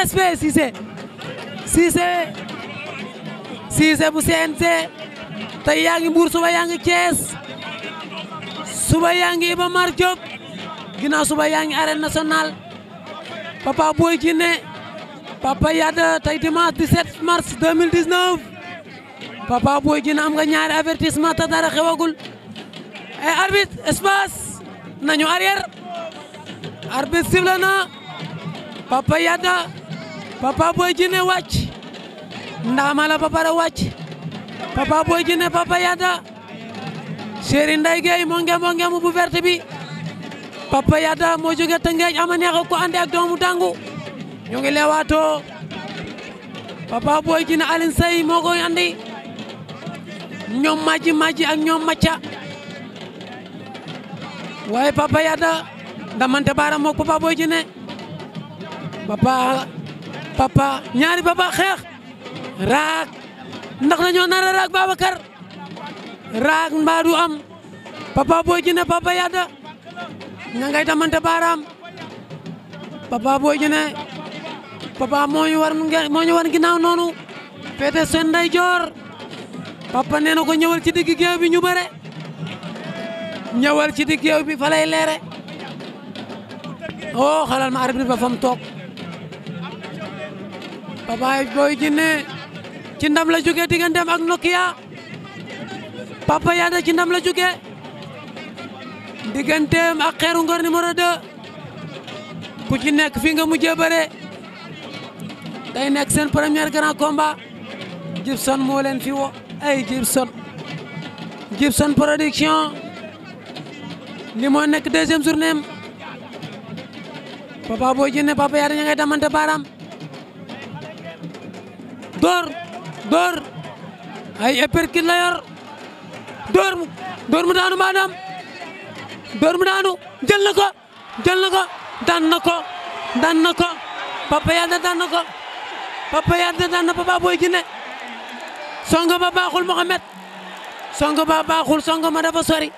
respect Cissé Cissé Cissé bu CNG tey yaa ngi Mbour suba yaa ngi Thiès suba yaa ngi Iba Mar Diop ginnaaw suba yaa ngi arène nationale Papa Boy Djiné Papa Yade tey dimanche 17 mars 2019 Papa Boy Djiné am nga ñaari avertissement te dara xewagul ay eh, arbitre espace nañu arrière arbitre sifflé Papa Yade Papa booy Djiné wàcc ndaama la ba pare wàcc Papa Boy Djiné Papa Yada Séeri Ndey Géey moo bu verte bi Papa Yada moo jóge Tëngéej ama neex ko ande ak doomu dangu ñu ngi leewaatoo Papa Boy Djiné Alioune moo koy andi ñoom maji maji ak ñoom macca waaye Papa Yada damante baaraam moog Papa Boy Djiné Papa papa ñaari papa xeex raak ndax dañoo nar a raak Babacar raak mbaa du am papa booy jine yadda ña ngay damante baaraam papa booy jine papa moo ñu war moo ñu war ginnaaw noonu féete seen ndeyjoor papa nee na ko ñëwal ci digg géew bi ñu bëre ñëwal ci digg géew bi fa lay leere oh xalal ma arbitre ba fam toog Papa Boy Djiné ci ndam la jóge digganteem ak Nokia Papa Yada ci ndam la jóge digganteem ak Xeeru Ngor numéro 2 ku ci nekk fi nga mujjee bëre day nekk seen premier grand komba Jibson moo leen fi wo ay Jibson Jibson production li moo nekk deuxième journée am Papa Boy Djiné Papa Yada ña ngay damante baaraam door door ay éperkin la yor door door mu daanu maanaam door mu daanu jël na ko jël na ko daan na ko daan na ko Papa Yade daan na ko Papa Yade daan na Papa Boy Djiné songo ba baaxul Mohamed songo ba baaxul songo ma dafa sori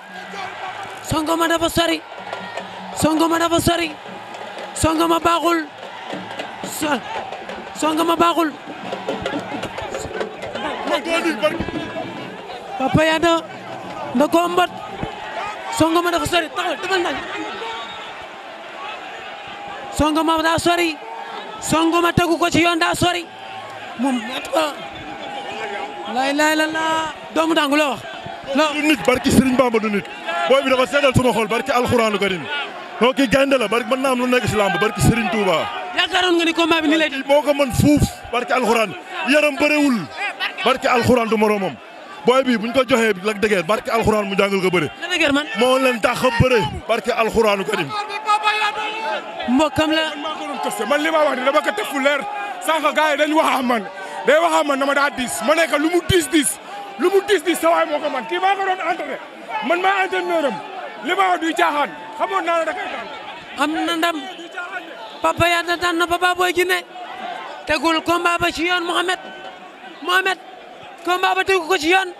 songo ma dafa sori songo ma dafa sori songo ma songa ma baaxul Papa Yada da ko mbat songa ma dafa sori taxawal defal naa songa ma daa sori songa ma tegu ko ci yoon daa sori moom lay lay la la doomu dangu loo wax du nit barki Serigne Bamba du nit booy bi dafa seedal suma barki alxuraanu karim noo kii gaynde la barki mën naa lu nekk si làmb barki Serigne Touba yaakaaroon nga ni combat bi ni lay moo ko mën fuuf barke alxuraan yaram bëriwul barke alxuraan du moromam booy bi bu ñu ko joxee lak dëgër barke alxuraan mu jàngal ko bëre moo leen tax a bëre barke alxuraanu karim mbokam la maa ko man li ma wax ni dama ko tëf fu leer sànq gars yi dañ wax am man day daa diis ma nekk lu mu diis diis lu mu diis diis sa waay moo ko man kii maa ko doon entraîné man maa entraîneur am li ma wax duy caaxaan xamoon naa ne papa Yade daan na Papa Boy Djiné tegul combat ba ci yoon Mohamed Mohamed combat ba tegu ko ci